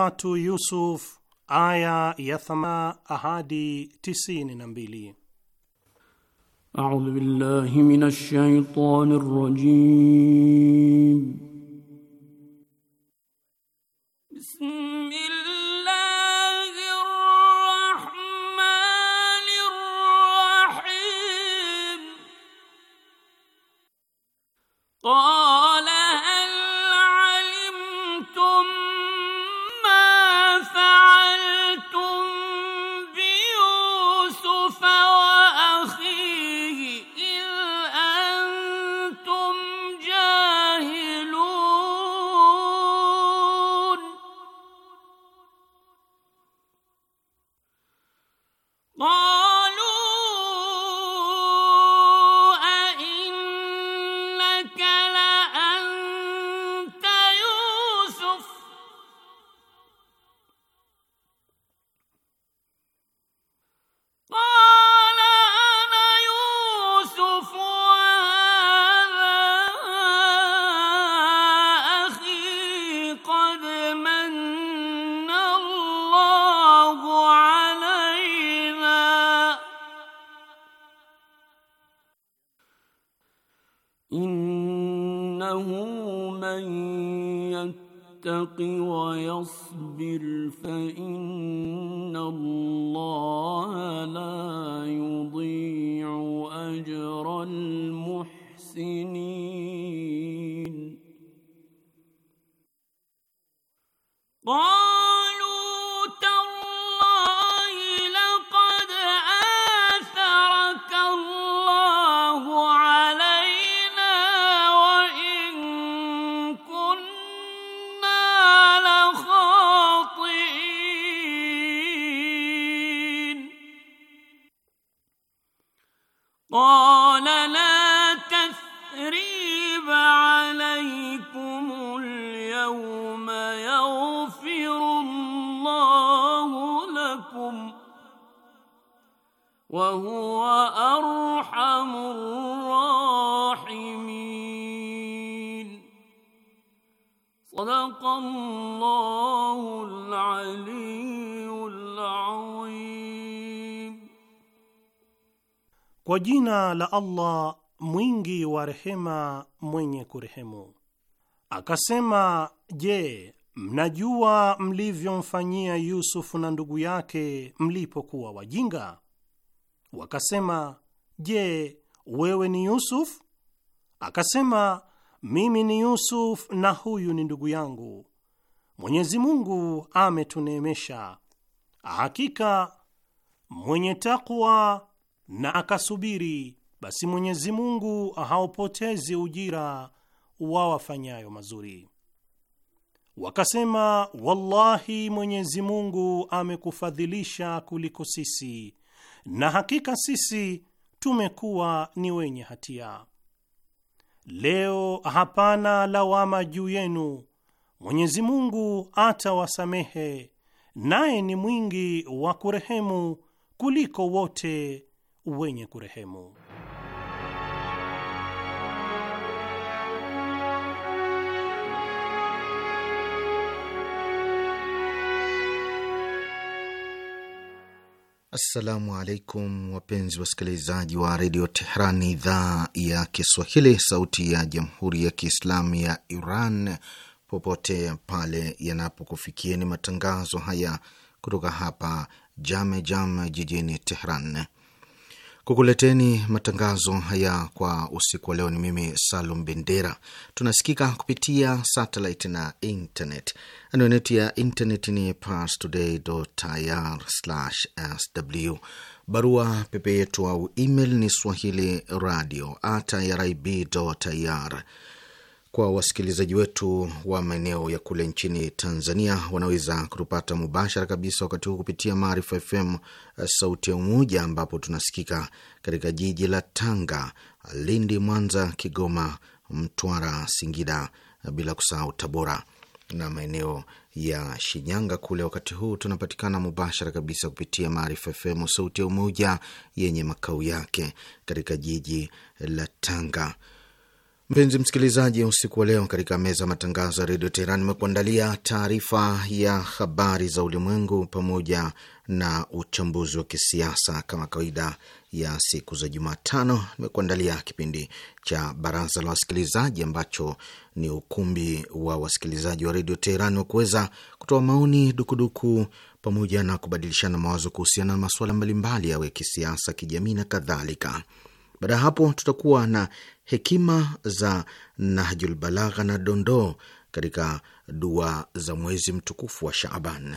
Suratu Yusuf aya ya thama ahadi tisini na mbili. A'udhu billahi minash shaitani rrajim ارحمكم وهو ارحم الراحمين صدق الله العلي العظيم وجينا لله مwingi wa rehema mwenye kurehemu akasema je Mnajua mlivyomfanyia Yusufu na ndugu yake mlipokuwa wajinga? Wakasema, Je, wewe ni Yusuf? Akasema, mimi ni Yusuf na huyu ni ndugu yangu. Mwenyezi Mungu ametuneemesha. Hakika mwenye takwa na akasubiri, basi Mwenyezi Mungu haupotezi ujira wa wafanyayo mazuri wakasema, wallahi, Mwenyezi Mungu amekufadhilisha kuliko sisi, na hakika sisi tumekuwa ni wenye hatia. Leo hapana lawama juu yenu, Mwenyezi Mungu atawasamehe, naye ni mwingi wa kurehemu kuliko wote wenye kurehemu. Assalamu alaikum wapenzi wasikilizaji wa redio Tehran, idhaa ya Kiswahili, sauti ya jamhuri ya kiislamu ya Iran, popote pale yanapokufikieni matangazo haya kutoka hapa Jame Jam jijini Tehran kukuleteni matangazo haya kwa usiku wa leo. Ni mimi Salum Bendera. Tunasikika kupitia satellite na internet. Anwani ya internet ni parstoday.ir/sw. Barua pepe yetu au email ni swahili radio at irib.ir kwa wasikilizaji wetu wa maeneo ya kule nchini Tanzania wanaweza kutupata mubashara kabisa wakati huu kupitia Maarifa FM eh, sauti ya Umoja, ambapo tunasikika katika jiji la Tanga, Lindi, Mwanza, Kigoma, Mtwara, Singida, eh, bila kusahau Tabora na maeneo ya Shinyanga kule. Wakati huu tunapatikana mubashara kabisa kupitia Maarifa FM sauti ya Umoja yenye makao yake katika jiji la Tanga. Mpenzi msikilizaji, usiku wa leo katika meza ya matangazo ya redio Teheran imekuandalia taarifa ya habari za ulimwengu pamoja na uchambuzi wa kisiasa kama kawaida ya siku za Jumatano. Imekuandalia kipindi cha baraza la wasikilizaji ambacho ni ukumbi wa wasikilizaji wa redio Teheran wa kuweza kutoa maoni, dukuduku pamoja na kubadilishana mawazo kuhusiana na masuala mbalimbali yawe kisiasa, kijamii na kadhalika. Baada ya hapo tutakuwa na hekima za Nahjul Balagha na dondoo katika dua za mwezi mtukufu wa Shaaban.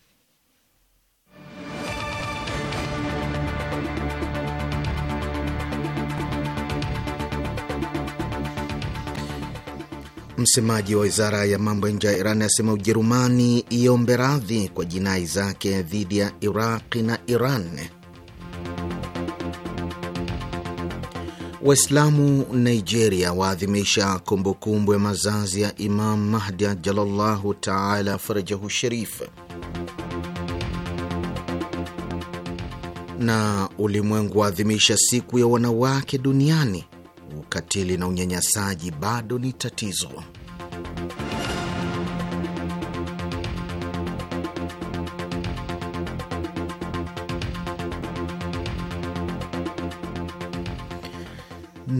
Msemaji wa wizara ya mambo ya nje ya Iran asema Ujerumani iombe radhi kwa jinai zake dhidi ya Iraqi na Iran. Waislamu Nigeria waadhimisha kumbukumbu ya mazazi ya Imam Mahdi ajalallahu taala farajahu sharif. Na ulimwengu waadhimisha siku ya wanawake duniani. Ukatili na unyanyasaji bado ni tatizo.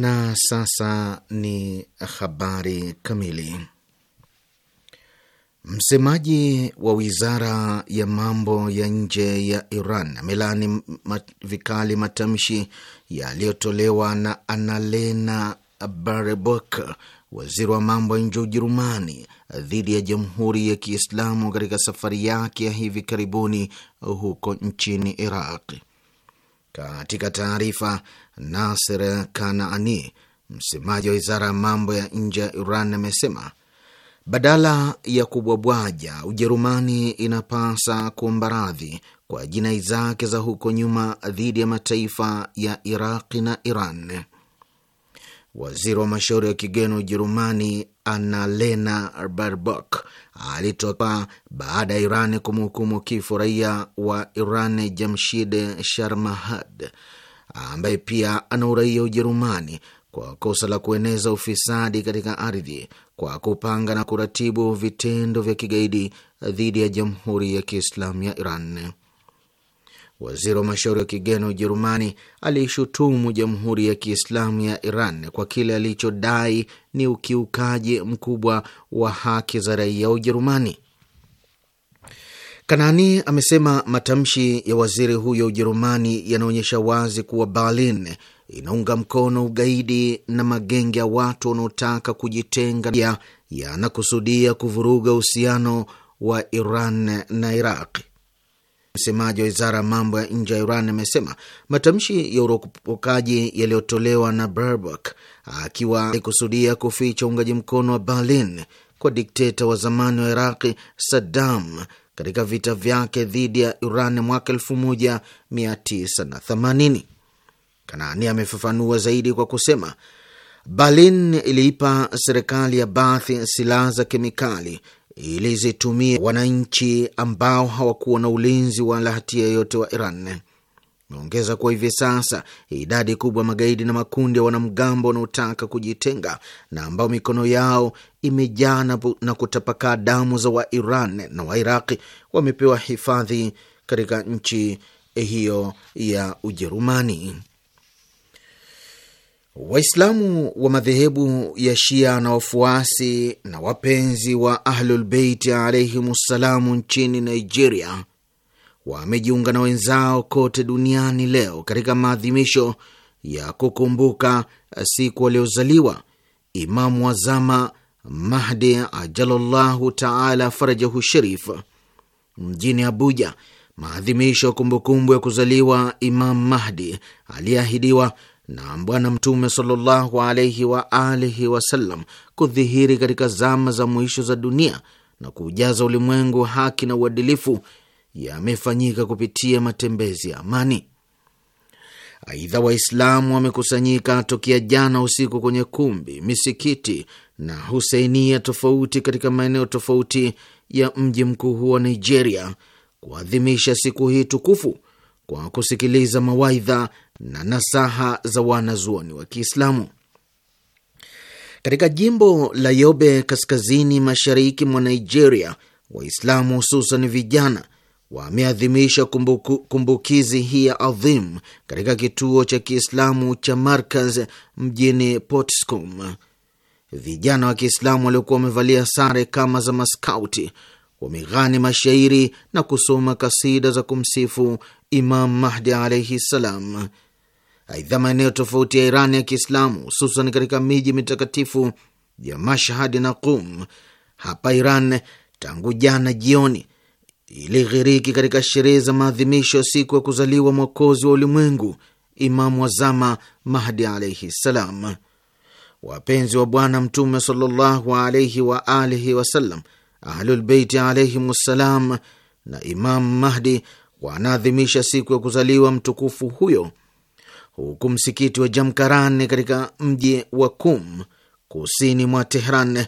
Na sasa ni habari kamili. Msemaji wa wizara ya mambo ya nje ya Iran amelaani vikali matamshi yaliyotolewa na Annalena Baerbock, waziri wa mambo ya nje ya Ujerumani, dhidi ya Jamhuri ya Kiislamu katika safari yake ya hivi karibuni huko nchini Iraq. Katika taarifa Naser Kanaani, msemaji wa wizara ya mambo ya nje ya Iran, amesema badala ya kubwabwaja, Ujerumani inapasa kuomba radhi kwa jinai zake za huko nyuma dhidi ya mataifa ya Iraqi na Iran. Waziri wa mashauri ya kigeni wa Ujerumani Annalena Baerbock alitoa baada ya Iran kumhukumu kifo raia wa Iran Jamshid Sharmahad ambaye pia ana uraia Ujerumani kwa kosa la kueneza ufisadi katika ardhi kwa kupanga na kuratibu vitendo vya kigaidi dhidi ya Jamhuri ya Kiislamu ya Iran. Waziri wa mashauri wa kigeni wa Ujerumani aliishutumu Jamhuri ya Kiislamu ya Iran kwa kile alichodai ni ukiukaji mkubwa wa haki za raia wa Ujerumani. Kanani amesema matamshi ya waziri huyo Ujerumani yanaonyesha wazi kuwa Berlin inaunga mkono ugaidi na magenge ya watu wanaotaka kujitenga, ya yanakusudia kuvuruga uhusiano wa Iran na Iraq. Msemaji wa wizara ya mambo ya nje ya Iran amesema matamshi ya uropokaji yaliyotolewa na Berbok akiwa kusudia kuficha uungaji mkono wa Berlin kwa dikteta wa zamani wa Iraqi Saddam katika vita vyake dhidi ya Iran mwaka 1980. Kanaani amefafanua zaidi kwa kusema Berlin iliipa serikali ya Bath silaha za kemikali ili zitumie wananchi ambao hawakuwa na ulinzi wala hatia yoyote wa Iran ameongeza kuwa hivi sasa idadi kubwa ya magaidi na makundi ya wanamgambo wanaotaka kujitenga na ambao mikono yao imejaa na kutapakaa damu za Wairan na Wairaqi wamepewa hifadhi katika nchi hiyo ya Ujerumani. Waislamu wa madhehebu ya Shia na wafuasi na wapenzi wa Ahlulbeiti alaihim ssalamu nchini Nigeria wamejiunga na wenzao kote duniani leo katika maadhimisho ya kukumbuka siku waliozaliwa Imamu wa zama Mahdi ajalallahu taala farajahu sharif mjini Abuja. Maadhimisho ya kumbukumbu ya kuzaliwa Imam Mahdi aliyeahidiwa na Bwana Mtume sallallahu alaihi wa alihi wasallam kudhihiri katika zama za mwisho za dunia na kuujaza ulimwengu haki na uadilifu yamefanyika kupitia matembezi ya amani. Aidha, Waislamu wamekusanyika tokea jana usiku kwenye kumbi, misikiti na husainia tofauti katika maeneo tofauti ya mji mkuu huo wa Nigeria kuadhimisha siku hii tukufu kwa kusikiliza mawaidha na nasaha za wanazuoni wa Kiislamu. Katika jimbo la Yobe, kaskazini mashariki mwa Nigeria, Waislamu hususan vijana wameadhimisha kumbuku, kumbukizi hii ya adhim katika kituo cha Kiislamu cha Markaz mjini Potiskum. Vijana wa Kiislamu waliokuwa wamevalia sare kama za maskauti wameghani mashairi na kusoma kasida za kumsifu Imam Mahdi alaihi ssalam. Aidha, maeneo tofauti ya Irani ya Kiislamu, hususan katika miji mitakatifu ya Mashhad na Qum hapa Iran, tangu jana jioni ilighiriki katika sherehe za maadhimisho ya siku ya kuzaliwa mwokozi wa ulimwengu Imamu wazama Mahdi alaihi ssalam. Wapenzi wa Bwana Mtume sallallahu alaihi wa alihi wasallam, Ahlulbeiti alaihim wassalam na Imamu Mahdi wanaadhimisha siku ya kuzaliwa mtukufu huyo huku msikiti wa Jamkarani katika mji wa Kum kusini mwa Tehran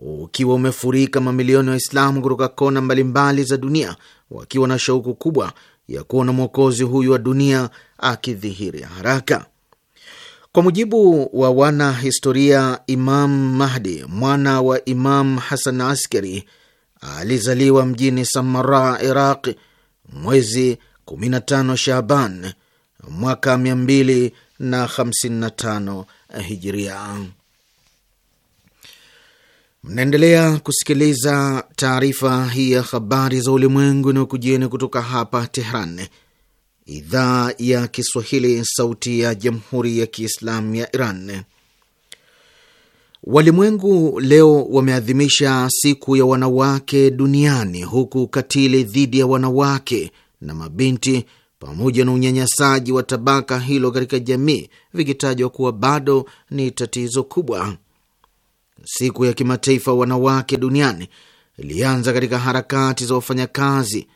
ukiwa umefurika mamilioni ya Waislamu kutoka kona mbalimbali za dunia wakiwa na shauku kubwa ya kuona mwokozi huyu wa dunia akidhihiri haraka. Kwa mujibu wa wana historia Imam Mahdi mwana wa Imam Hasan Askari alizaliwa mjini Samara, Iraq mwezi 15 Shaban mwaka 255 Hijiria. Mnaendelea kusikiliza taarifa hii ya habari za ulimwengu inayokujieni kutoka hapa Tehran, idhaa ya Kiswahili, sauti ya jamhuri ya kiislamu ya Iran. Walimwengu leo wameadhimisha siku ya wanawake duniani, huku katili dhidi ya wanawake na mabinti pamoja na unyanyasaji wa tabaka hilo katika jamii vikitajwa kuwa bado ni tatizo kubwa siku ya kimataifa wanawake duniani ilianza katika harakati za wafanyakazi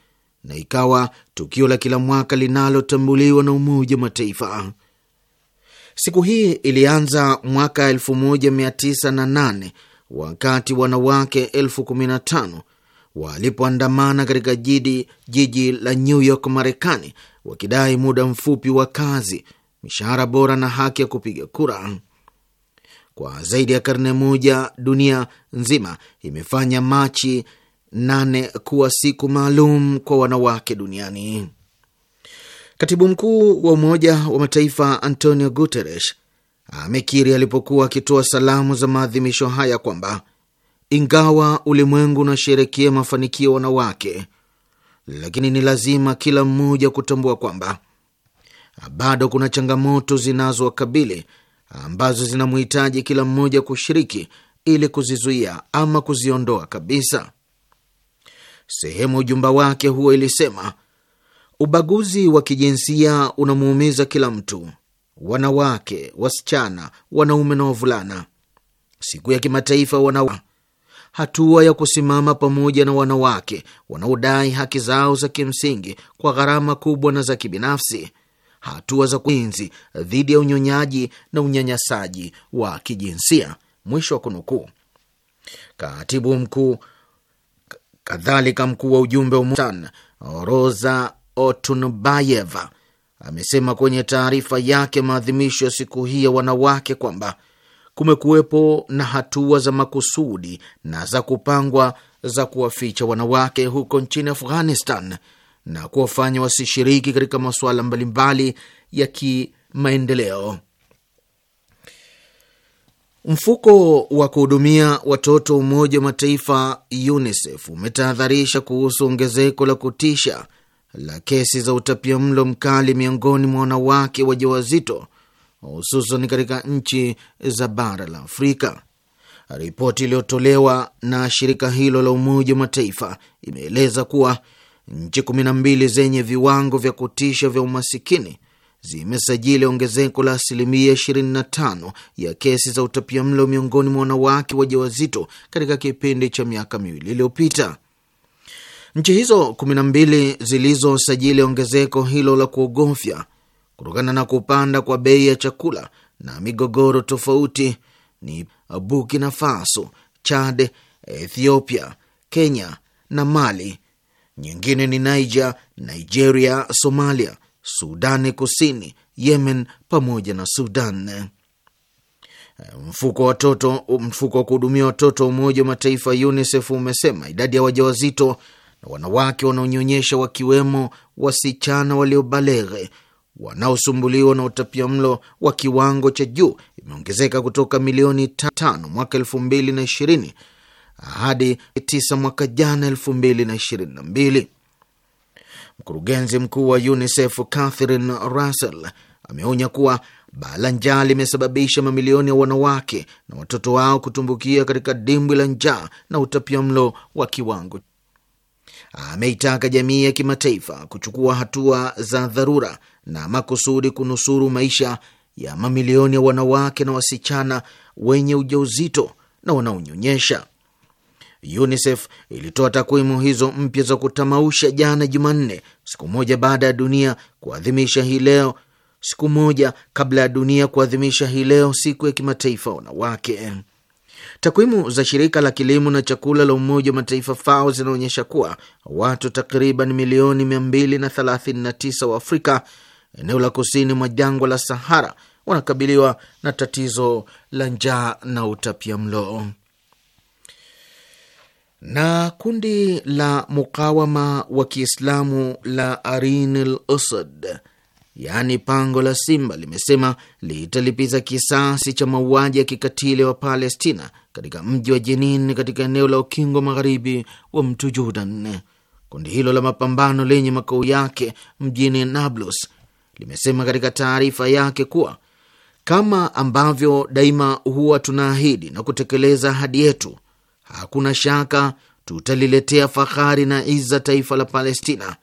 na ikawa tukio la kila mwaka linalotambuliwa na Umoja wa Mataifa. Siku hii ilianza mwaka 1908 wakati wanawake elfu kumi na tano walipoandamana katika jiji jiji la New York, Marekani, wakidai muda mfupi wa kazi, mishahara bora na haki ya kupiga kura kwa zaidi ya karne moja dunia nzima imefanya Machi nane kuwa siku maalum kwa wanawake duniani. Katibu mkuu wa Umoja wa Mataifa Antonio Guterres amekiri alipokuwa akitoa salamu za maadhimisho haya kwamba ingawa ulimwengu unasherekea mafanikio ya wanawake, lakini ni lazima kila mmoja kutambua kwamba bado kuna changamoto zinazowakabili ambazo zinamhitaji kila mmoja kushiriki ili kuzizuia ama kuziondoa kabisa. Sehemu ujumba wake huo ilisema ubaguzi wa kijinsia unamuumiza kila mtu, wanawake, wasichana, wanaume na wavulana. Siku ya kimataifa wana hatua ya kusimama pamoja na wanawake wanaodai haki zao za kimsingi kwa gharama kubwa na za kibinafsi hatua za kuinzi dhidi ya unyonyaji na unyanyasaji wa kijinsia, mwisho wa kunukuu. Katibu mkuu kadhalika, mkuu wa ujumbe wa MOSAN Roza Otunbayeva amesema kwenye taarifa yake maadhimisho ya siku hii ya wanawake kwamba kumekuwepo na hatua za makusudi na za kupangwa za kuwaficha wanawake huko nchini Afghanistan na kuwafanya wasishiriki katika masuala mbalimbali ya kimaendeleo. Mfuko wa kuhudumia watoto wa Umoja wa Mataifa UNICEF umetahadharisha kuhusu ongezeko la kutisha la kesi za utapia mlo mkali miongoni mwa wanawake wajawazito hususan katika nchi za bara la Afrika. Ripoti iliyotolewa na shirika hilo la Umoja wa Mataifa imeeleza kuwa nchi kumi na mbili zenye viwango vya kutisha vya umasikini zimesajili ongezeko la asilimia 25 ya kesi za utapia mlo miongoni mwa wanawake wajawazito katika kipindi cha miaka miwili iliyopita. Nchi hizo kumi na mbili zilizosajili ongezeko hilo la kuogofya kutokana na kupanda kwa bei ya chakula na migogoro tofauti ni Burkina Faso, Chad, Ethiopia, Kenya na Mali nyingine ni Niger, Nigeria, Somalia, Sudani Kusini, Yemen pamoja na Sudan. Mfuko wa watoto, mfuko wa kuhudumia watoto wa Umoja wa Mataifa UNICEF umesema idadi ya wajawazito na wanawake wanaonyonyesha wakiwemo wasichana waliobalere wanaosumbuliwa na utapia mlo wa kiwango cha juu imeongezeka kutoka milioni tano mwaka elfu mbili na ishirini hadi 9 mwaka jana 2022. Mkurugenzi mkuu wa UNICEF Catherine Russell ameonya kuwa baa la njaa limesababisha mamilioni ya wanawake na watoto wao kutumbukia katika dimbwi la njaa na utapiamlo wa kiwango. Ameitaka jamii ya kimataifa kuchukua hatua za dharura na makusudi kunusuru maisha ya mamilioni ya wanawake na wasichana wenye ujauzito na wanaonyonyesha. UNICEF ilitoa takwimu hizo mpya za kutamausha jana Jumanne, siku moja baada ya dunia kuadhimisha hii leo, siku moja kabla ya dunia kuadhimisha hii leo siku ya kimataifa wanawake. Takwimu za shirika la kilimo na chakula la Umoja wa Mataifa FAO zinaonyesha kuwa watu takriban milioni 239 wa Afrika, eneo la kusini mwa jangwa la Sahara, wanakabiliwa na tatizo la njaa na utapia mlo na kundi la mukawama wa Kiislamu la Arin al Usad, yaani pango la simba, limesema litalipiza kisasi cha mauaji ya kikatili wa Palestina katika mji wa Jenin katika eneo la ukingo magharibi wa mto Jordan. Kundi hilo la mapambano lenye makao yake mjini Nablus limesema katika taarifa yake kuwa kama ambavyo daima huwa tunaahidi na kutekeleza ahadi yetu hakuna shaka tutaliletea fahari na iza taifa la Palestina.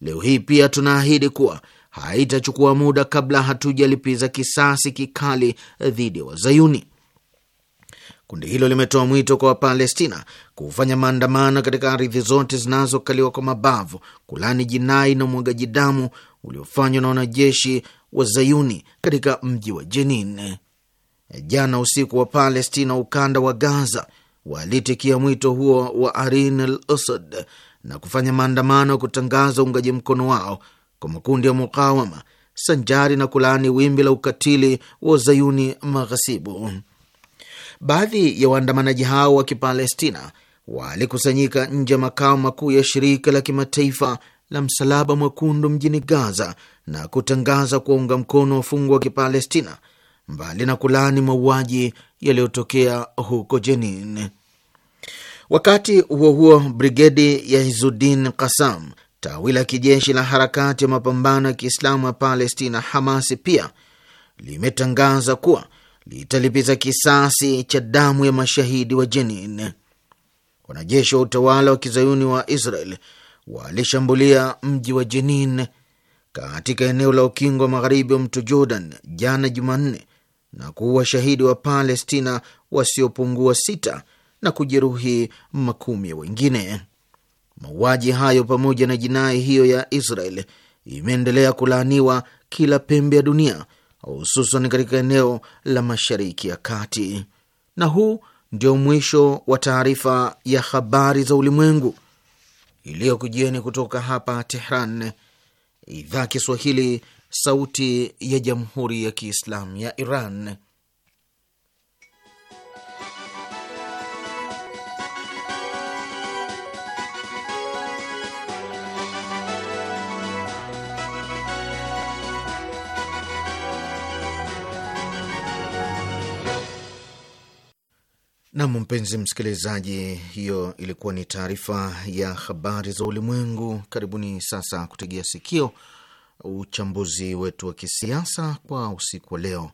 Leo hii pia tunaahidi kuwa haitachukua muda kabla hatujalipiza kisasi kikali dhidi ya Wazayuni. Kundi hilo limetoa mwito kwa Wapalestina kufanya maandamano katika ardhi zote zinazokaliwa kwa mabavu, kulani jinai na umwagaji damu uliofanywa na wanajeshi wa Zayuni katika mji wa Jenin. Jana usiku, wa Palestina ukanda wa Gaza walitikia mwito huo wa Arin al Usud na kufanya maandamano ya kutangaza uungaji mkono wao kwa makundi ya mukawama sanjari na kulaani wimbi la ukatili wa zayuni maghasibu. Baadhi ya waandamanaji hao wa Kipalestina walikusanyika nje ya makao makuu ya shirika la kimataifa la Msalaba Mwekundu mjini Gaza na kutangaza kuwaunga mkono wafungwa wa Kipalestina mbali na kulaani mauaji yaliyotokea huko Jenin. Wakati huo huo, brigedi ya Izuddin Kasam, tawi la kijeshi la harakati ya mapambano ya Kiislamu ya Palestina, Hamas, pia limetangaza kuwa litalipiza kisasi cha damu ya mashahidi wa Jenin. Wanajeshi wa utawala wa kizayuni wa Israel walishambulia mji wa Jenin katika eneo la ukingo wa magharibi wa mto Jordan jana Jumanne na kuua shahidi wa Palestina wasiopungua sita na kujeruhi makumi wengine. Mauaji hayo pamoja na jinai hiyo ya Israel imeendelea kulaaniwa kila pembe ya dunia, hususan katika eneo la Mashariki ya Kati. Na huu ndio mwisho wa taarifa ya habari za ulimwengu iliyokujieni kutoka hapa Tehran, idhaa Kiswahili, Sauti ya Jamhuri ya Kiislamu ya Iran. Nam, mpenzi msikilizaji, hiyo ilikuwa ni taarifa ya habari za ulimwengu. Karibuni sasa kutegea sikio uchambuzi wetu wa kisiasa kwa usiku wa leo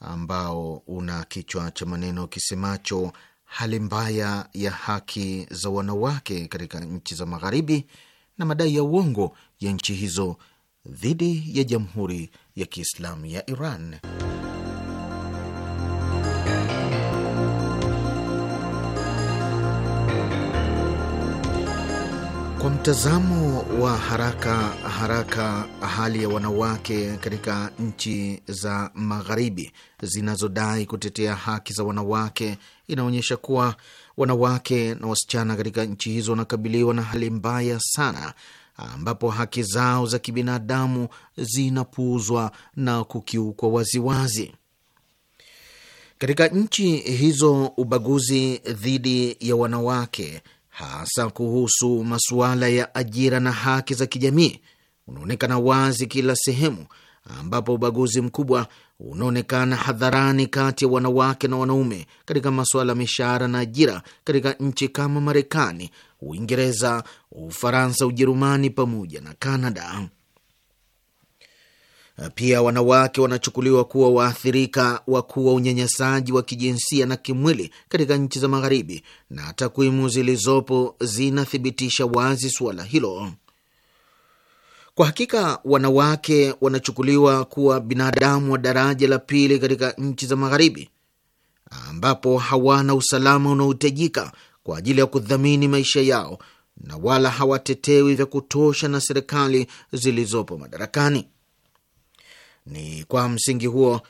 ambao una kichwa cha maneno kisemacho hali mbaya ya haki za wanawake katika nchi za Magharibi na madai ya uongo ya nchi hizo dhidi ya Jamhuri ya Kiislamu ya Iran. Kwa mtazamo wa haraka haraka, hali ya wanawake katika nchi za magharibi zinazodai kutetea haki za wanawake inaonyesha kuwa wanawake na wasichana katika nchi hizo wanakabiliwa na hali mbaya sana, ambapo haki zao za kibinadamu zinapuuzwa na kukiukwa waziwazi. Katika nchi hizo ubaguzi dhidi ya wanawake hasa kuhusu masuala ya ajira na haki za kijamii unaonekana wazi kila sehemu ambapo ubaguzi mkubwa unaonekana hadharani kati ya wanawake na wanaume katika masuala ya mishahara na ajira katika nchi kama Marekani, Uingereza, Ufaransa, Ujerumani pamoja na Kanada. Eh, pia wanawake wanachukuliwa kuwa waathirika wakuu wa unyanyasaji wa kijinsia na kimwili katika nchi za Magharibi, na takwimu zilizopo zinathibitisha wazi suala hilo. Kwa hakika wanawake wanachukuliwa kuwa binadamu wa daraja la pili katika nchi za Magharibi, ambapo hawana usalama unaohitajika kwa ajili ya kudhamini maisha yao na wala hawatetewi vya kutosha na serikali zilizopo madarakani. Ni kwa msingi huo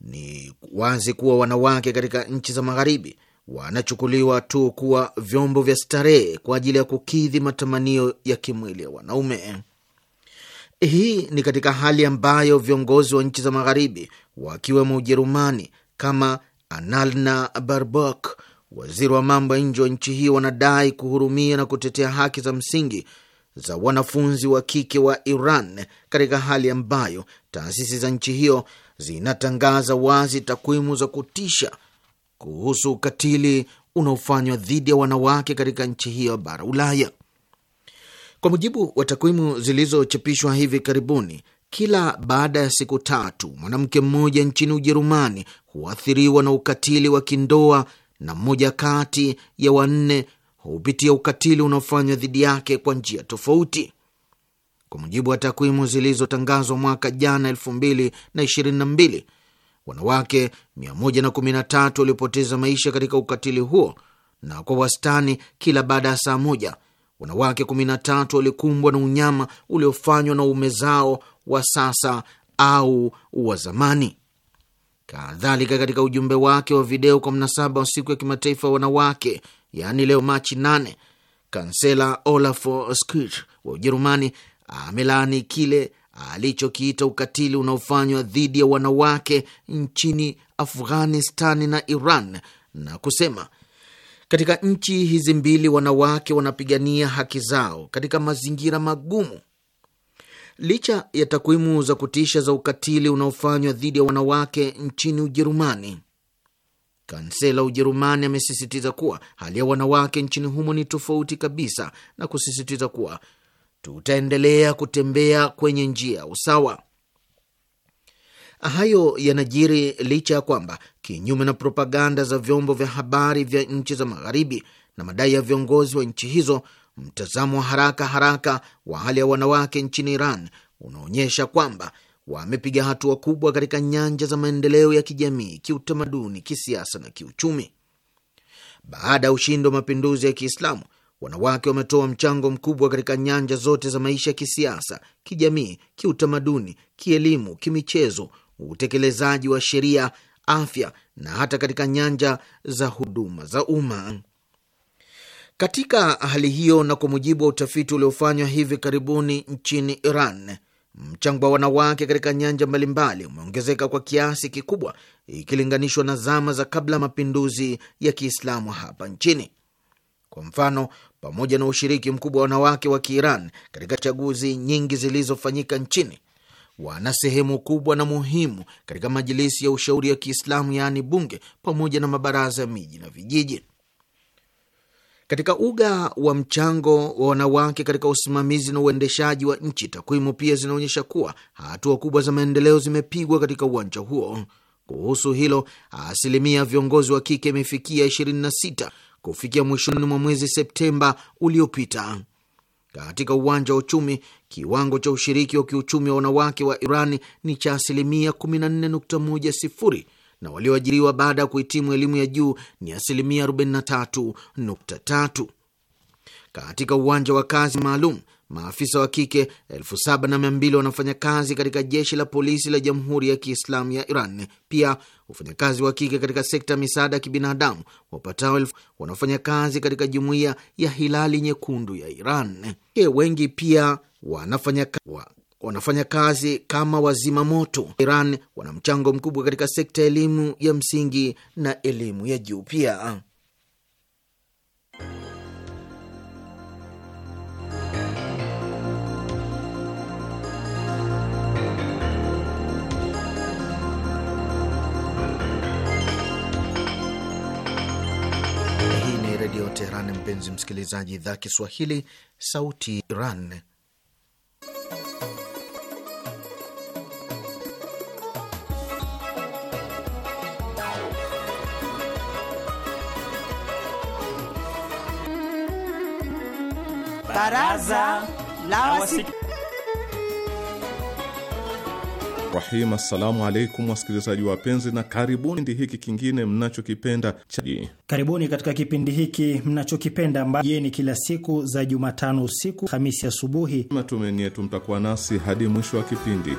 ni wazi kuwa wanawake katika nchi za magharibi wanachukuliwa tu kuwa vyombo vya starehe kwa ajili ya kukidhi matamanio ya kimwili ya wanaume. Hii ni katika hali ambayo viongozi wa nchi za magharibi wakiwemo Ujerumani kama Annalena Baerbock, waziri wa mambo ya nje wa nchi hii, wanadai kuhurumia na kutetea haki za msingi za wanafunzi wa kike wa Iran katika hali ambayo taasisi za nchi hiyo zinatangaza wazi takwimu za kutisha kuhusu ukatili unaofanywa dhidi ya wanawake katika nchi hiyo bara Ulaya. Kwa mujibu wa takwimu zilizochapishwa hivi karibuni, kila baada ya siku tatu mwanamke mmoja nchini Ujerumani huathiriwa na ukatili wa kindoa na mmoja kati ya wanne hupitia ukatili unaofanywa dhidi yake kwa njia tofauti. Kwa mujibu wa takwimu zilizotangazwa mwaka jana 2022, wanawake 113 waliopoteza maisha katika ukatili huo, na kwa wastani kila baada ya saa moja wanawake 13 walikumbwa na unyama uliofanywa na ume zao wa sasa au wa zamani. Kadhalika, katika ujumbe wake wa video kwa mnasaba wa siku ya kimataifa ya wanawake yaani leo Machi 8, kansela Olaf Scholz wa Ujerumani amelaani kile alichokiita ukatili unaofanywa dhidi ya wanawake nchini afghanistan na Iran na kusema katika nchi hizi mbili wanawake wanapigania haki zao katika mazingira magumu. Licha ya takwimu za kutisha za ukatili unaofanywa dhidi ya wanawake nchini Ujerumani, Kansela Ujerumani amesisitiza kuwa hali ya wanawake nchini humo ni tofauti kabisa na kusisitiza kuwa tutaendelea kutembea kwenye njia ya usawa. Hayo yanajiri licha ya kwamba, kinyume na propaganda za vyombo vya habari vya nchi za Magharibi na madai ya viongozi wa nchi hizo, mtazamo wa haraka haraka wa hali ya wanawake nchini Iran unaonyesha kwamba wamepiga hatua kubwa katika nyanja za maendeleo ya kijamii, kiutamaduni, kisiasa na kiuchumi. Baada ya ushindi wa mapinduzi ya Kiislamu, wanawake wametoa mchango mkubwa katika nyanja zote za maisha ya kisiasa, kijamii, kiutamaduni, kielimu, kimichezo, utekelezaji wa sheria, afya na hata katika nyanja za huduma za umma. Katika hali hiyo, na kwa mujibu wa utafiti uliofanywa hivi karibuni nchini Iran, Mchango wa wanawake katika nyanja mbalimbali umeongezeka kwa kiasi kikubwa ikilinganishwa na zama za kabla ya mapinduzi ya Kiislamu hapa nchini. Kwa mfano, pamoja na ushiriki mkubwa wa wanawake wa Kiiran katika chaguzi nyingi zilizofanyika nchini, wana sehemu kubwa na muhimu katika majilisi ya ushauri ya Kiislamu, yaani bunge, pamoja na mabaraza ya miji na vijiji. Katika uga wa mchango wa wanawake katika usimamizi na uendeshaji wa nchi, takwimu pia zinaonyesha kuwa hatua kubwa za maendeleo zimepigwa katika uwanja huo. Kuhusu hilo, asilimia ya viongozi wa kike imefikia 26 kufikia mwishoni mwa mwezi Septemba uliopita. Katika uwanja wa uchumi, kiwango cha ushiriki wa kiuchumi wa wanawake wa Iran ni cha asilimia 14.10 na walioajiriwa baada ya kuhitimu elimu ya juu ni asilimia 43.3. Katika uwanja wa kazi maalum maafisa wa kike 7200 wanafanya kazi katika jeshi la polisi la Jamhuri ya Kiislamu ya Iran. Pia wafanyakazi wa kike katika sekta ya misaada ya kibinadamu wapatao elfu wanaofanya kazi katika jumuiya ya Hilali Nyekundu ya Iran. Ke wengi pia wanafanya wanafanya kazi kama wazima moto. Iran wana mchango mkubwa katika sekta ya elimu ya msingi na elimu ya juu pia. Hii ni Redio Teheran, mpenzi msikilizaji, idhaa Kiswahili, sauti Iran. Baraza la Wasik rahim. Assalamu alaikum wasikilizaji wapenzi, na karibuni kipindi hiki kingine mnachokipenda cha karibuni katika kipindi hiki mnachokipenda ambaye ni kila siku za Jumatano usiku, Hamisi asubuhi. Matumaini yetu mtakuwa nasi hadi mwisho wa kipindi.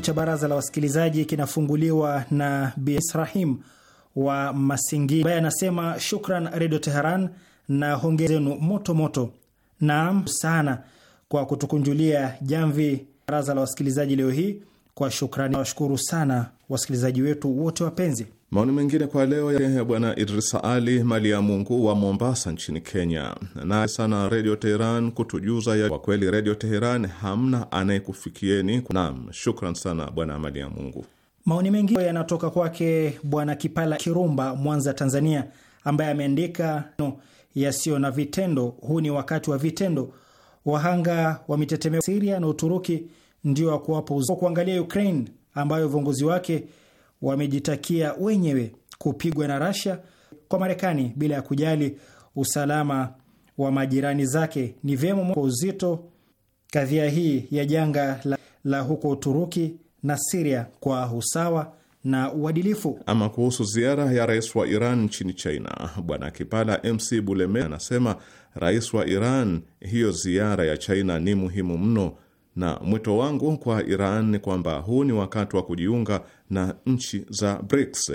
cha baraza la wasikilizaji kinafunguliwa na Bisrahim wa Masingi ambaye anasema shukran Redio Teheran na hongera zenu moto moto. Naam sana kwa kutukunjulia jamvi baraza la wasikilizaji leo hii kwa shukrani. Nawashukuru sana wasikilizaji wetu wote wapenzi. Maoni mengine kwa leo ya Bwana Idrisa Ali mali ya Mungu wa Mombasa nchini Kenya, naye sana Redio Teheran kutujuza ya kwa kweli, Redio Teheran hamna anayekufikieni. Naam, shukran sana Bwana mali ya Mungu. Maoni mengi yanatoka kwake Bwana Kipala Kirumba, Mwanza, Tanzania, ambaye ameandika no, yasiyo na vitendo. Huu ni wakati wa vitendo. Wahanga wa mitetemeko Siria na Uturuki ndio wa kuwapa kuangalia Ukraine ambayo viongozi wake wamejitakia wenyewe kupigwa na Rasia kwa Marekani bila ya kujali usalama wa majirani zake. Ni vyema kwa uzito kadhia hii ya janga la, la huko Uturuki na Siria kwa usawa na uadilifu. Ama kuhusu ziara ya rais wa Iran nchini China, Bwana Kipala MC Buleme anasema rais wa Iran, hiyo ziara ya China ni muhimu mno, na mwito wangu kwa Iran ni kwamba huu ni wakati wa kujiunga na nchi za BRICS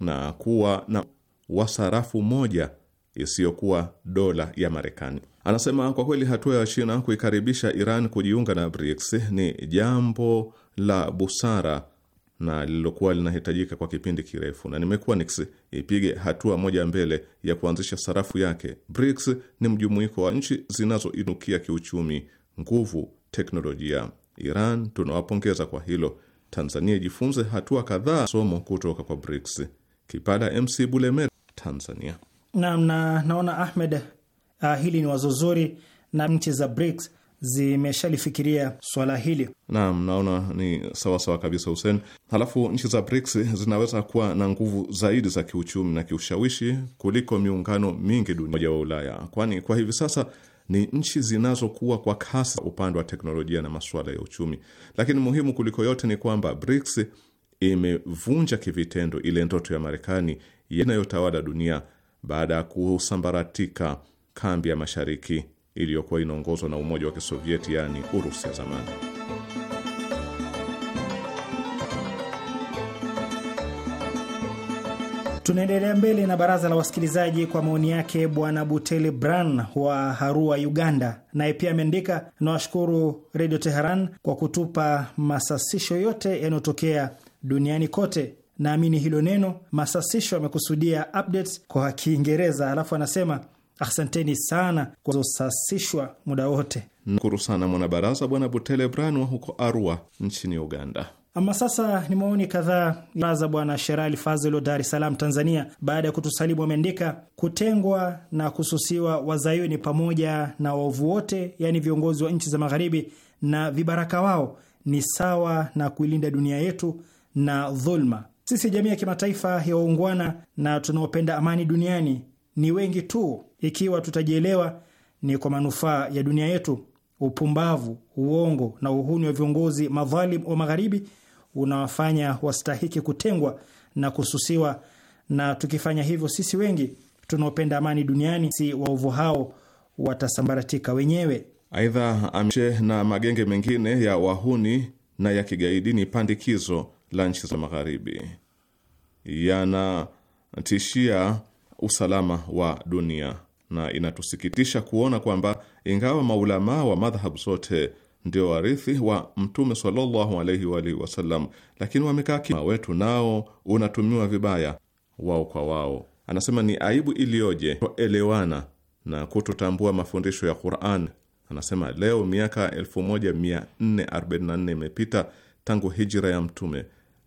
na kuwa na wasarafu moja isiyokuwa dola ya Marekani. Anasema kwa kweli hatua ya China kuikaribisha Iran kujiunga na BRICS ni jambo la busara na lililokuwa linahitajika kwa kipindi kirefu, na nimekuwa nix ipige hatua moja mbele ya kuanzisha sarafu yake. BRICS ni mjumuiko wa nchi zinazoinukia kiuchumi, nguvu, teknolojia. Iran tunawapongeza kwa hilo. Tanzania ijifunze hatua kadhaa somo kutoka kwa BRICS. Kipada MC Bulemer, Tanzania. Naam, na naona Ahmed, ah, hili ni wazo zuri na nchi za BRICS zimeshalifikiria swala hili. Naam, naona ni sawasawa sawa kabisa, Hussein. Halafu nchi za BRICS zinaweza kuwa na nguvu zaidi za kiuchumi na kiushawishi kuliko miungano mingi dunia wa Ulaya, kwani kwa hivi sasa ni nchi zinazokuwa kwa kasi upande wa teknolojia na masuala ya uchumi. Lakini muhimu kuliko yote ni kwamba BRICS imevunja kivitendo ile ndoto ya Marekani inayotawala dunia baada ya kusambaratika kambi ya mashariki iliyokuwa inaongozwa na Umoja wa Kisovieti, yaani Urusi ya zamani. Tunaendelea mbele na baraza la wasikilizaji kwa maoni yake Bwana Buteli Bran wa Harua, Uganda. Naye pia ameandika, nawashukuru Redio Teheran kwa kutupa masasisho yote yanayotokea duniani kote. Naamini hilo neno masasisho amekusudia updates kwa Kiingereza. Alafu anasema Asanteni sana kuzosasishwa muda wote. Nashukuru sana mwanabaraza Bwana Butele Bran wa huko Arua nchini Uganda. Ama sasa ni maoni kadhaa baraza Bwana Sherali Fazil wa Dar es Salaam, Tanzania. Baada ya kutusalimu, wameandika kutengwa na kususiwa wazayuni pamoja na waovu wote, yaani viongozi wa nchi za magharibi na vibaraka wao ni sawa na kuilinda dunia yetu na dhulma. Sisi jamii ya kimataifa ya waungwana na tunaopenda amani duniani ni wengi tu ikiwa tutajielewa, ni kwa manufaa ya dunia yetu. Upumbavu, uongo na uhuni wa viongozi madhalim wa Magharibi unawafanya wastahiki kutengwa na kususiwa, na tukifanya hivyo, sisi wengi tunaopenda amani duniani, si waovu hao watasambaratika wenyewe. Aidha, amshe na magenge mengine ya wahuni na ya kigaidi ni pandikizo la nchi za Magharibi, yanatishia usalama wa dunia na inatusikitisha kuona kwamba ingawa maulamaa wa madhhabu zote ndio warithi wa Mtume sallallahu alaihi wa alihi wasallam, lakini wamekaa kima, wetu nao unatumiwa vibaya wao kwa wao. Anasema ni aibu iliyoje toelewana na kutotambua mafundisho ya Qur'an. Anasema leo miaka 1444 imepita tangu hijra ya Mtume,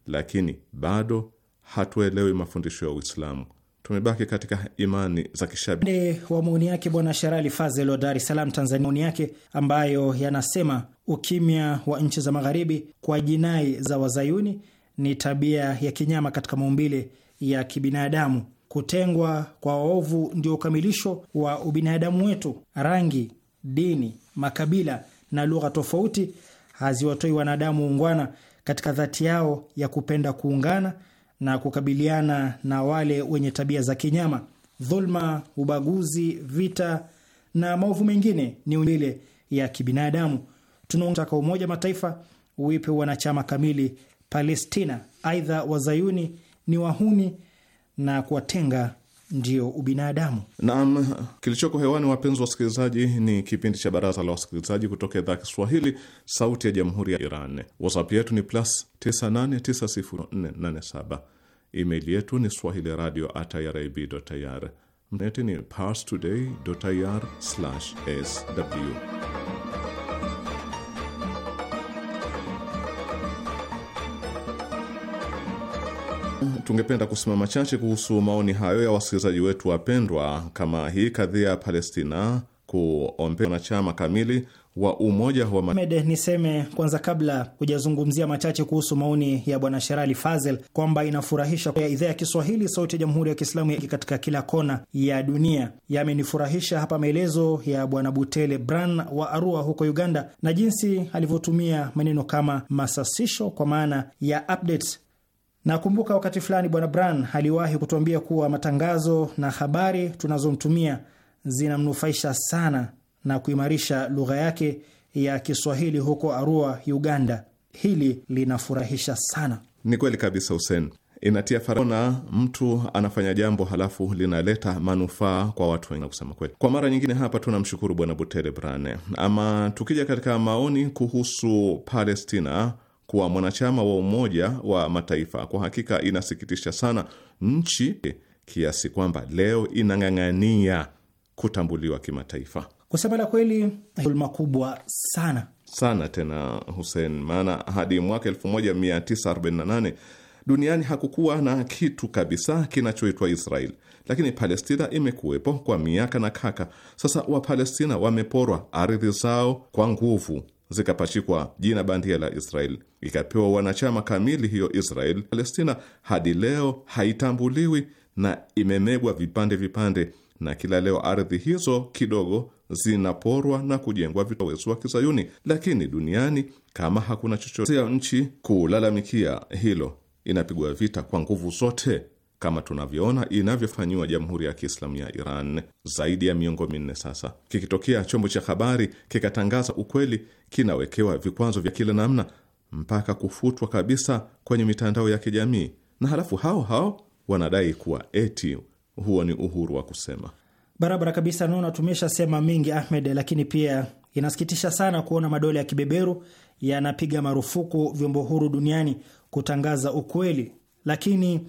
lakini bado hatuelewi mafundisho ya Uislamu tumebaki katika imani za kishabiki. wa maoni yake Bwana Sherali Fazel wa Dar es Salaam, Tanzania, maoni yake ambayo yanasema ukimya wa nchi za magharibi kwa jinai za wazayuni ni tabia ya kinyama katika maumbile ya kibinadamu. Kutengwa kwa waovu ndio ukamilisho wa ubinadamu wetu. Rangi, dini, makabila na lugha tofauti haziwatoi wanadamu ungwana katika dhati yao ya kupenda kuungana na kukabiliana na wale wenye tabia za kinyama. Dhulma, ubaguzi, vita na maovu mengine ni ile ya kibinadamu. Tunataka Umoja Mataifa uipe wanachama kamili Palestina. Aidha, wazayuni ni wahuni na kuwatenga ndio ubinadamu. Naam, kilichoko hewani, wapenzi wasikilizaji, ni kipindi cha Baraza la Wasikilizaji kutoka idhaa ya Kiswahili, Sauti ya Jamhuri ya Iran. WhatsApp yetu ni plus 98904887. Email yetu ni swahili radio at irib ir. Mneti ni parstoday ir sw tungependa kusema machache kuhusu maoni hayo ya wasikilizaji wetu wapendwa, kama hii kadhia ya Palestina kuombea wanachama kamili wa umoja wa Mede. Niseme kwanza kabla hujazungumzia machache kuhusu maoni ya bwana Sherali Fazel kwamba inafurahisha ya idhaa ya Kiswahili sauti ya jamhuri ya Kiislamu ya katika kila kona ya dunia yamenifurahisha. Hapa maelezo ya bwana Butele Bran wa Arua huko Uganda, na jinsi alivyotumia maneno kama masasisho kwa maana ya Nakumbuka wakati fulani Bwana Bran aliwahi kutuambia kuwa matangazo na habari tunazomtumia zinamnufaisha sana na kuimarisha lugha yake ya Kiswahili huko Arua, Uganda. Hili linafurahisha sana. Ni kweli kabisa, Hussein. Inatia farona mtu anafanya jambo halafu linaleta manufaa kwa watu wengi, kusema kweli, kwa mara nyingine hapa tunamshukuru Bwana Butere Brane. Ama tukija katika maoni kuhusu Palestina kuwa mwanachama wa Umoja wa Mataifa. Kwa hakika inasikitisha sana nchi kiasi kwamba leo inang'ang'ania kutambuliwa kimataifa. Kusema la kweli, dhuluma kubwa sana sana tena, Hussein, maana hadi mwaka 1948 duniani hakukuwa na kitu kabisa kinachoitwa Israel, lakini Palestina imekuwepo kwa miaka na kaka. Sasa Wapalestina wameporwa ardhi zao kwa nguvu zikapachikwa jina bandia la Israel, ikapewa wanachama kamili hiyo Israel. Palestina hadi leo haitambuliwi na imemegwa vipande vipande, na kila leo ardhi hizo kidogo zinaporwa na kujengwa vitowezi wa Kizayuni. Lakini duniani kama hakuna chochote ya nchi kulalamikia hilo, inapigwa vita kwa nguvu zote kama tunavyoona inavyofanyiwa Jamhuri ya Kiislamu ya Iran zaidi ya miongo minne sasa. Kikitokea chombo cha habari kikatangaza ukweli, kinawekewa vikwazo vya kila namna mpaka kufutwa kabisa kwenye mitandao ya kijamii, na halafu hao hao wanadai kuwa eti huo ni uhuru wa kusema. Barabara kabisa. Naona tumeshasema mingi Ahmed, lakini pia inasikitisha sana kuona madola ya kibeberu yanapiga marufuku vyombo huru duniani kutangaza ukweli, lakini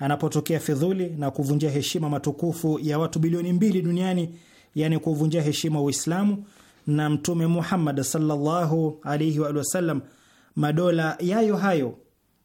anapotokea fidhuli na kuvunjia heshima matukufu ya watu bilioni mbili duniani, yani kuvunjia heshima Uislamu na Mtume Muhammad sallallahu alaihi wa sallam, madola yayo hayo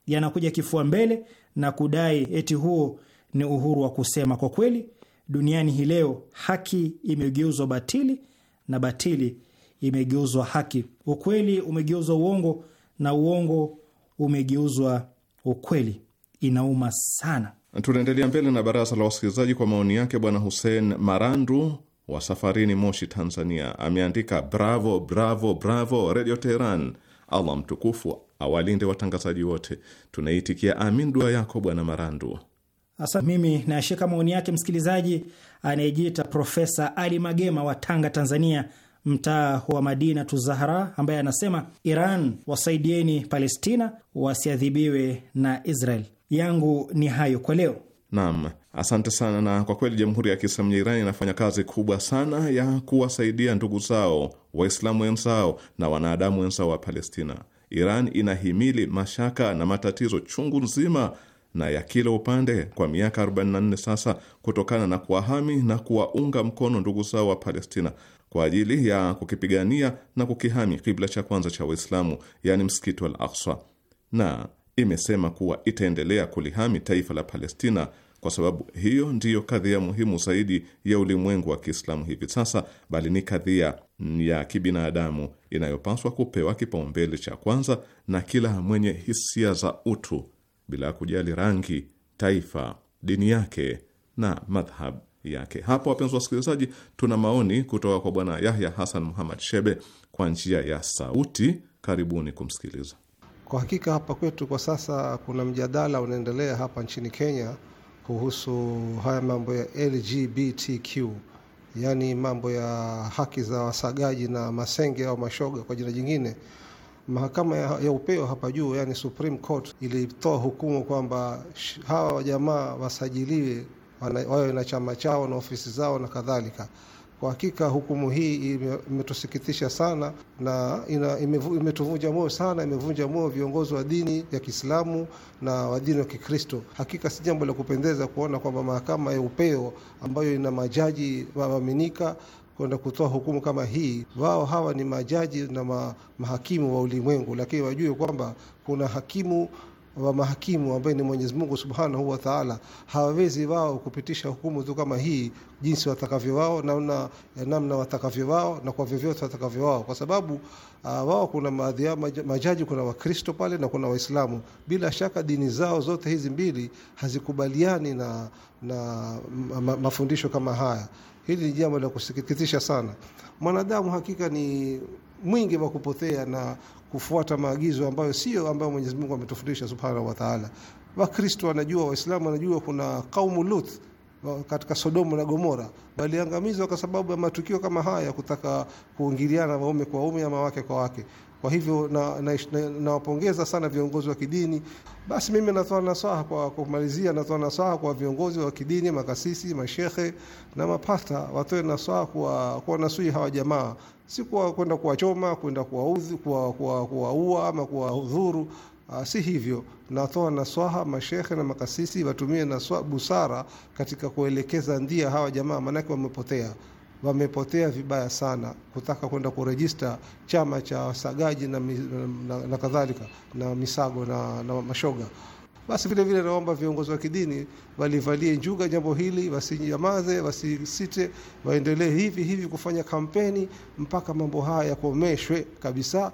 yanakuja kifua mbele na kudai eti huo ni uhuru wa kusema. Kwa kweli duniani hii leo haki imegeuzwa batili na batili imegeuzwa haki, ukweli umegeuzwa uongo na uongo umegeuzwa ukweli inauma sana. Tunaendelea mbele na baraza la wasikilizaji kwa maoni yake. Bwana Hussein Marandu wa safarini Moshi, Tanzania, ameandika bravo, bravo, bravo Redio Teheran. Allah mtukufu awalinde watangazaji wote. Tunaitikia amin dua yako Bwana Marandu. Asa, mimi nayashika maoni yake msikilizaji anayejiita Profesa Ali Magema wa Tanga, Tanzania, mtaa wa Madina Tuzahara, ambaye anasema Iran wasaidieni Palestina wasiadhibiwe na Israel yangu ni hayo kwa leo. Naam, asante sana. Na kwa kweli Jamhuri ya Kiislamu ya Iran inafanya kazi kubwa sana ya kuwasaidia ndugu zao Waislamu wenzao na wanadamu wenzao wa Palestina. Iran inahimili mashaka na matatizo chungu nzima na ya kila upande kwa miaka 44 sasa, kutokana na kuwahami na kuwaunga mkono ndugu zao wa Palestina kwa ajili ya kukipigania na kukihami kibla cha kwanza cha Waislamu, yaani msikiti wa Al-Aqsa na imesema kuwa itaendelea kulihami taifa la Palestina kwa sababu hiyo ndiyo kadhia muhimu zaidi ya ulimwengu wa Kiislamu hivi sasa, bali ni kadhia ya kibinadamu inayopaswa kupewa kipaumbele cha kwanza na kila mwenye hisia za utu bila kujali rangi, taifa, dini yake na madhhab yake. Hapa wapenzi wasikilizaji, tuna maoni kutoka kwa Bwana Yahya Hasan Muhammad Shebe kwa njia ya sauti. Karibuni kumsikiliza. Kwa hakika hapa kwetu kwa sasa kuna mjadala unaendelea hapa nchini Kenya kuhusu haya mambo ya LGBTQ, yaani mambo ya haki za wasagaji na masenge au mashoga kwa jina jingine. Mahakama ya, ya upeo hapa juu, yani Supreme Court, ilitoa hukumu kwamba hawa wajamaa wasajiliwe, wawe na chama chao na ofisi zao na kadhalika. Kwa hakika hukumu hii imetusikitisha sana na ina, imetuvunja moyo sana, imevunja moyo viongozi wa dini ya Kiislamu na wa dini wa Kikristo. Hakika si jambo la kupendeza kuona kwamba mahakama ya upeo ambayo ina majaji waaminika kwenda kutoa hukumu kama hii. Wao hawa ni majaji na ma, mahakimu wa ulimwengu, lakini wajue kwamba kuna hakimu wa mahakimu ambaye ni Mwenyezi Mungu Subhanahu wa Ta'ala, hawawezi wao kupitisha hukumu tu kama hii jinsi watakavyo wao, namna namna watakavyo wao na kwa vyovyote watakavyo wao, kwa sababu uh, wao kuna maadhi ya majaji, kuna Wakristo pale na kuna Waislamu. Bila shaka dini zao zote hizi mbili hazikubaliani na, na ma, mafundisho kama haya. Hili ni jambo la kusikitisha sana. Mwanadamu hakika ni mwingi wa kupotea na kufuata maagizo ambayo sio ambayo Mwenyezi Mungu ametufundisha Subhanahu wa Ta'ala. Wakristo wanajua, Waislamu wanajua kuna kaumu Luth katika Sodomu na Gomora waliangamizwa kwa sababu ya matukio kama haya, kutaka kuingiliana waume kwa waume ama wake kwa wake. Kwa hivyo nawapongeza na, na sana viongozi wa kidini. Basi mimi natoa nasaha kwa kumalizia, natoa nasaha kwa viongozi wa kidini, makasisi, mashehe na mapasta, watoe nasaha kwa, kwa nasui hawa jamaa, si kwa kwenda kuwachoma, kwenda kuwaudhi, kuwaua ama kuwadhuru. Uh, si hivyo. Natoa naswaha mashehe na makasisi watumie busara katika kuelekeza ndia hawa jamaa, maanake wamepotea wamepotea vibaya sana kutaka kwenda kurejista chama cha wasagaji na, na, na kadhalika na misago na, na mashoga. Basi vile vile naomba viongozi wa kidini walivalie njuga jambo hili, wasinyamaze, wasisite, waendelee hivi hivi kufanya kampeni mpaka mambo haya yakomeshwe kabisa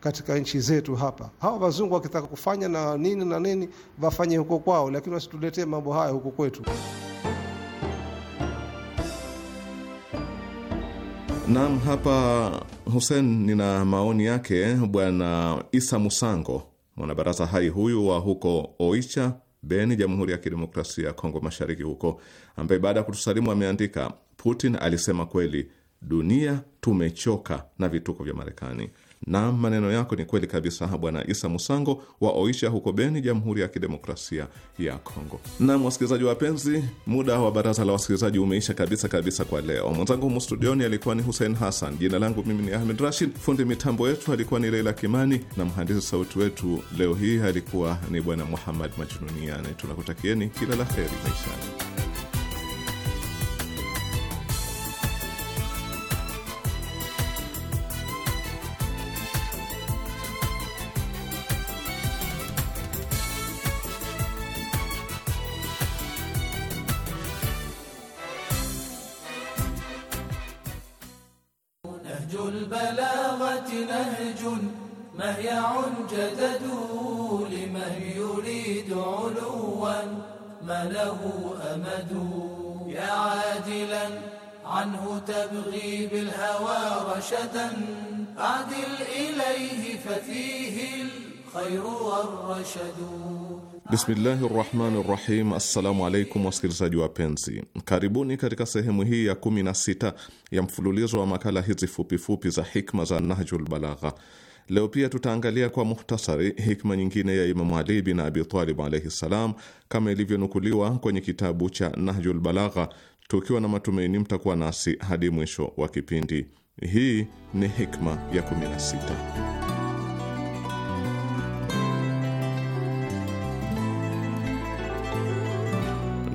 katika nchi zetu hapa. Hawa wazungu wakitaka kufanya na nini na nini, wafanye huko kwao, lakini wasituletee mambo haya huko kwetu. Naam, hapa Hussein nina maoni yake Bwana Isa Musango, mwanabaraza hai huyu wa huko Oicha, Beni, Jamhuri ya Kidemokrasia ya Kongo Mashariki huko, ambaye baada ya kutusalimu ameandika, Putin alisema kweli, dunia tumechoka na vituko vya Marekani. Naam, maneno yako ni kweli kabisa, Bwana Isa Musango wa Oisha huko Beni, Jamhuri ya Kidemokrasia ya Kongo. Naam, wasikilizaji wapenzi, muda wa baraza la wasikilizaji umeisha kabisa kabisa kwa leo. Mwenzangu humu studioni alikuwa ni Hussein Hassan, jina langu mimi ni Ahmed Rashid, fundi mitambo yetu alikuwa ni Leila Kimani na mhandisi sauti wetu leo hii alikuwa ni Bwana Muhammad Majununiane. Tunakutakieni kila la heri maishani. مهيع جدد لمن يريد علوا ما له أمد يا عادلا عنه تبغي بالهوى رشدا عدل إليه ففيه الخير والرشد Bismillahi rahmani rahim. Assalamu alaikum wasikilizaji wapenzi, karibuni katika sehemu hii ya kumi na sita ya mfululizo wa makala hizi fupifupi za hikma za Nahjul Balagha. Leo pia tutaangalia kwa muhtasari hikma nyingine ya Imamu Ali bin Abi Talib alaihi ssalam, kama ilivyonukuliwa kwenye kitabu cha Nahjul Balagha, tukiwa na matumaini mtakuwa nasi hadi mwisho wa kipindi. Hii ni hikma ya 16.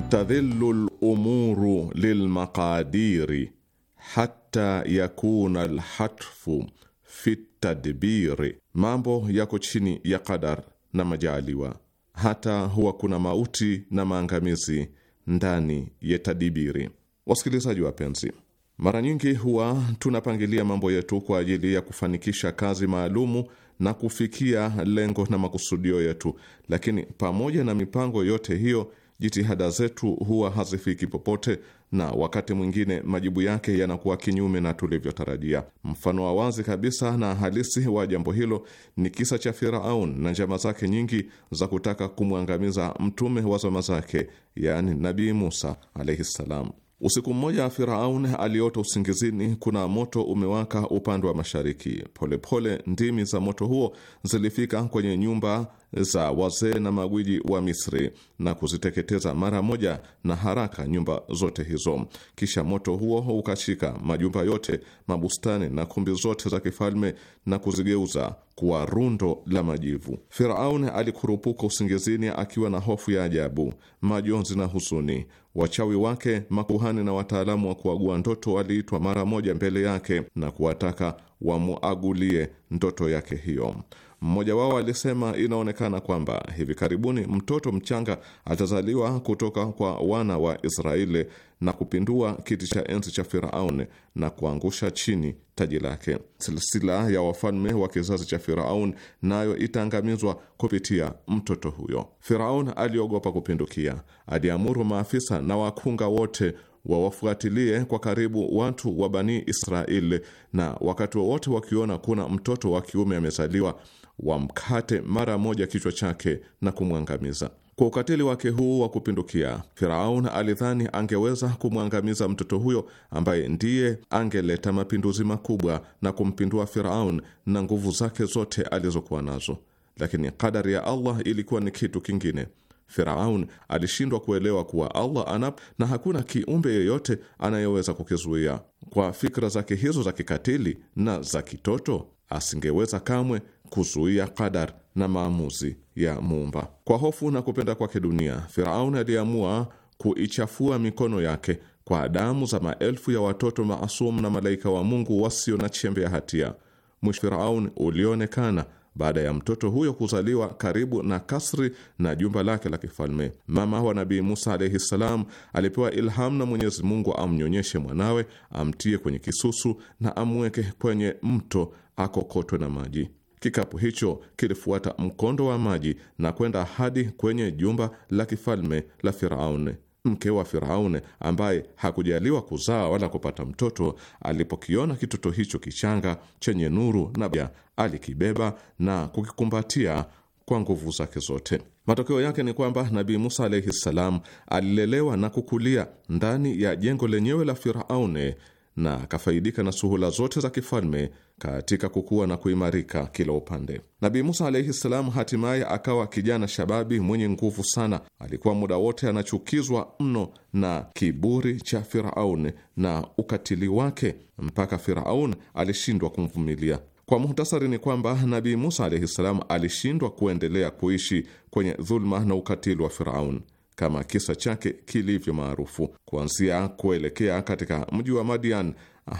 Tadhillu lumuru lilmaqadiri hatta yakuna lhatfu fit tadbiri, mambo yako chini ya qadar na majaliwa. Hata huwa kuna mauti na maangamizi ndani ya tadibiri. Wasikilizaji wapenzi, mara nyingi huwa tunapangilia mambo yetu kwa ajili ya kufanikisha kazi maalumu na kufikia lengo na makusudio yetu, lakini pamoja na mipango yote hiyo, jitihada zetu huwa hazifiki popote na wakati mwingine majibu yake yanakuwa kinyume na tulivyotarajia. Mfano wa wazi kabisa na halisi wa jambo hilo ni kisa cha Firaun na njama zake nyingi za kutaka kumwangamiza mtume wa zama zake, yani Nabii Musa alaihi ssalam. Usiku mmoja Firaun aliota usingizini kuna moto umewaka upande wa mashariki. Polepole pole, ndimi za moto huo zilifika kwenye nyumba za wazee na magwiji wa Misri na kuziteketeza mara moja na haraka nyumba zote hizo. Kisha moto huo ukashika majumba yote, mabustani na kumbi zote za kifalme na kuzigeuza kuwa rundo la majivu. Firaun alikurupuka usingizini akiwa na hofu ya ajabu, majonzi na huzuni. Wachawi wake, makuhani na wataalamu wa kuagua ndoto waliitwa mara moja mbele yake na kuwataka wamuagulie ndoto yake hiyo. Mmoja wao alisema inaonekana kwamba hivi karibuni mtoto mchanga atazaliwa kutoka kwa wana wa Israeli na kupindua kiti cha enzi cha Firaun na kuangusha chini taji lake. Silsila ya wafalme wa kizazi cha Firaun nayo itaangamizwa kupitia mtoto huyo. Firaun aliogopa kupindukia, aliamuru maafisa na wakunga wote wawafuatilie kwa karibu watu wa Bani Israeli, na wakati wowote wakiona kuna mtoto wa kiume amezaliwa wamkate mara moja kichwa chake na kumwangamiza. Kwa ukatili wake huu wa kupindukia, Firaun alidhani angeweza kumwangamiza mtoto huyo ambaye ndiye angeleta mapinduzi makubwa na kumpindua Firaun na nguvu zake zote alizokuwa nazo, lakini kadari ya Allah ilikuwa ni kitu kingine. Firaun alishindwa kuelewa kuwa Allah anapo na hakuna kiumbe yeyote anayeweza kukizuia. Kwa fikra zake hizo za kikatili na za kitoto, asingeweza kamwe kuzuia qadar na maamuzi ya Muumba. Kwa hofu na kupenda kwake dunia, Firaun aliamua kuichafua mikono yake kwa damu za maelfu ya watoto maasum na malaika wa Mungu wasio na chembe ya hatia. Mwisho Firaun ulionekana baada ya mtoto huyo kuzaliwa karibu na kasri na jumba lake la kifalme. Mama wa Nabii Musa alaihi ssalam alipewa ilham na Mwenyezi Mungu amnyonyeshe mwanawe, amtie kwenye kisusu na amweke kwenye mto akokotwe na maji. Kikapu hicho kilifuata mkondo wa maji na kwenda hadi kwenye jumba la kifalme la Firaun. Mke wa firaune ambaye hakujaliwa kuzaa wala kupata mtoto, alipokiona kitoto hicho kichanga chenye nuru na alikibeba na kukikumbatia kwa nguvu zake zote. Matokeo yake ni kwamba Nabii Musa alaihi ssalam alilelewa na kukulia ndani ya jengo lenyewe la Firaune na akafaidika na suhula zote za kifalme katika kukua na kuimarika kila upande. Nabii Musa alaihi ssalam hatimaye akawa kijana shababi mwenye nguvu sana. Alikuwa muda wote anachukizwa mno na kiburi cha Firaun na ukatili wake mpaka Firaun alishindwa kumvumilia. Kwa muhtasari ni kwamba Nabii Musa alaihi ssalam alishindwa kuendelea kuishi kwenye dhuluma na ukatili wa Firaun kama kisa chake kilivyo maarufu, kuanzia kuelekea katika mji wa Madian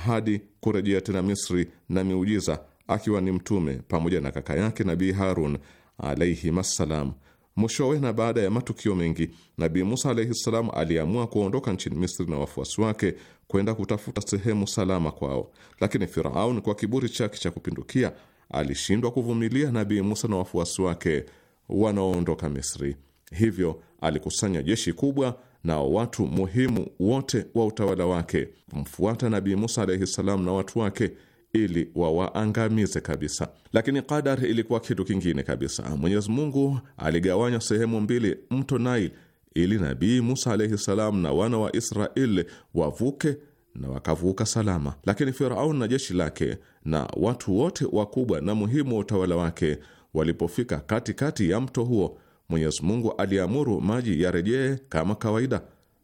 hadi kurejea tena Misri na miujiza, akiwa ni mtume pamoja na kaka yake Nabii Harun alaihi massalam. Mwishowe na baada ya matukio mengi, Nabii Musa alaihi ssalam aliamua kuondoka nchini Misri na wafuasi wake kwenda kutafuta sehemu salama kwao, lakini Firaun kwa kiburi chake cha kupindukia alishindwa kuvumilia Nabii Musa na wafuasi wake wanaoondoka Misri. Hivyo alikusanya jeshi kubwa na watu muhimu wote wa utawala wake kumfuata Nabii Musa alaihi salam na watu wake ili wawaangamize kabisa. Lakini Qadar ilikuwa kitu kingine kabisa. Mwenyezi Mungu aligawanya sehemu mbili mto Nile ili Nabii Musa alaihi salam na wana wa Israeli wavuke na wakavuka salama, lakini Firaun na jeshi lake na watu wote wakubwa na muhimu wa utawala wake walipofika katikati ya mto huo Mwenyezi Mungu aliamuru maji yarejee kama kawaida,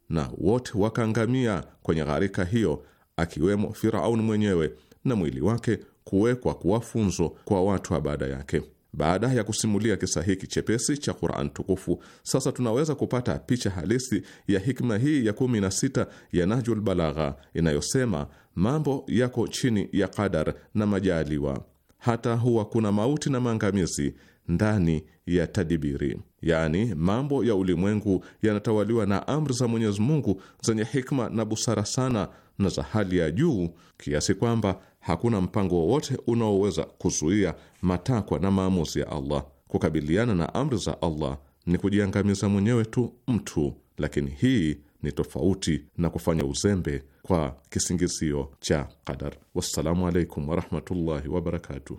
na wote wakaangamia kwenye gharika hiyo, akiwemo Firauni mwenyewe na mwili wake kuwekwa kuwa funzo kwa watu wa baada yake. Baada ya kusimulia kisa hiki chepesi cha Qur'an tukufu, sasa tunaweza kupata picha halisi ya hikma hii ya kumi na sita ya Nahjul Balagha inayosema mambo yako chini ya qadar na majaliwa, hata huwa kuna mauti na maangamizi ndani ya tadibiri, yaani mambo ya ulimwengu yanatawaliwa na amri za Mwenyezi Mungu zenye hikma na busara sana na za hali ya juu kiasi kwamba hakuna mpango wowote unaoweza kuzuia matakwa na maamuzi ya Allah. Kukabiliana na amri za Allah ni kujiangamiza mwenyewe tu mtu, lakini hii ni tofauti na kufanya uzembe kwa kisingizio cha qadar. Wassalamu alaikum warahmatullahi wabarakatuh.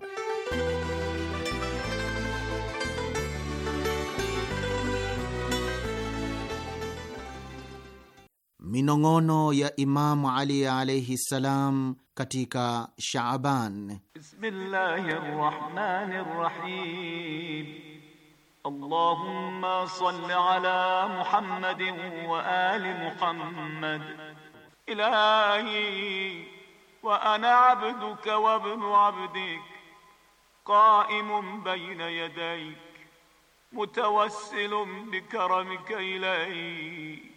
minong'ono ya Imamu Ali alaihi ssalam katika Shaaban. Bismillahi Allahumma salli ala Muhammadin wa ali Muhammad. Ilahi wa ana abduka wa ibnu abdik qaimun bayna yadayk mutawassilun bikaramika ilayk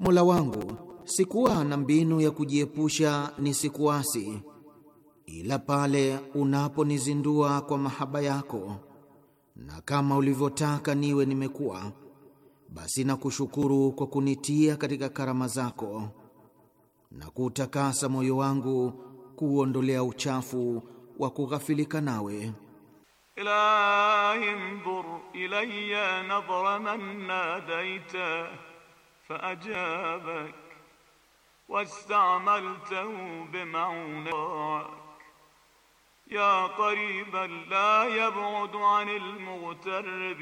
Mola wangu, sikuwa na mbinu ya kujiepusha nisikuasi, ila pale unaponizindua kwa mahaba yako, na kama ulivyotaka niwe nimekuwa, basi nakushukuru kwa kunitia katika karama zako na kuutakasa moyo wangu kuuondolea uchafu wa kughafilika nawe. Ilahi nzur ilayya nadhra man nadaita فأجابك واستعملته بمعونك يا قريبا لا يبعد عن المغترب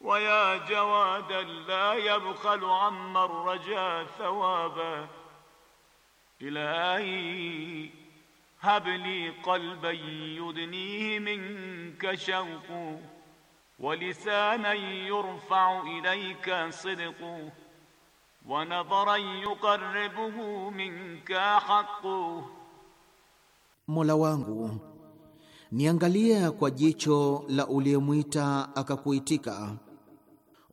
ويا جوادا لا يبخل عمن رجا ثوابه إلهي هب لي قلبا يدنيه منك شوقه walisanan yurfau ilaika sidquhu wanadharan yuqarribuhu minka haqquhu, Mola wangu niangalia kwa jicho la uliyemwita akakuitika,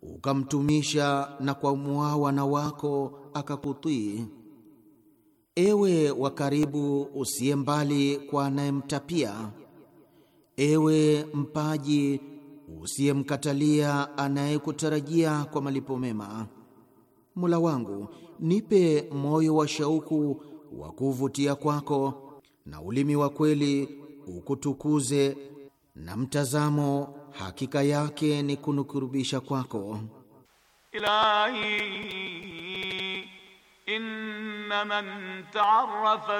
ukamtumisha na kwa muawana wako akakutii. Ewe wa karibu usiye mbali kwa anayemtapia, ewe mpaji usiyemkatalia anayekutarajia kwa malipo mema. Mola wangu, nipe moyo wa shauku wa kuvutia kwako, na ulimi wa kweli ukutukuze, na mtazamo hakika yake ni kunukurubisha kwako. Ilahi inna man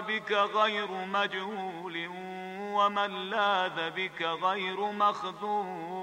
bika ghayru majhulin wa man ladha bika ghayru makhdhul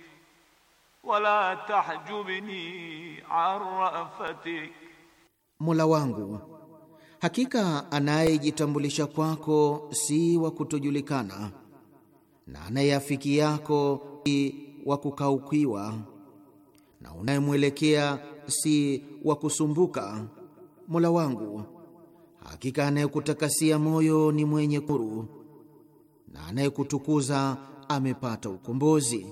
wala tahjubni arafatik, Mola wangu, hakika anayejitambulisha kwako si wa kutojulikana na anayeafiki yako si wa kukaukiwa na unayemwelekea si wa kusumbuka. Mola wangu, hakika anayekutakasia moyo ni mwenye kuru na anayekutukuza amepata ukombozi.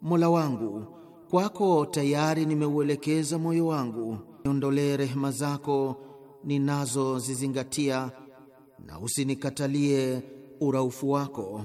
Mola wangu, kwako tayari nimeuelekeza moyo wangu, niondolee rehema zako ninazozizingatia na usinikatalie uraufu wako.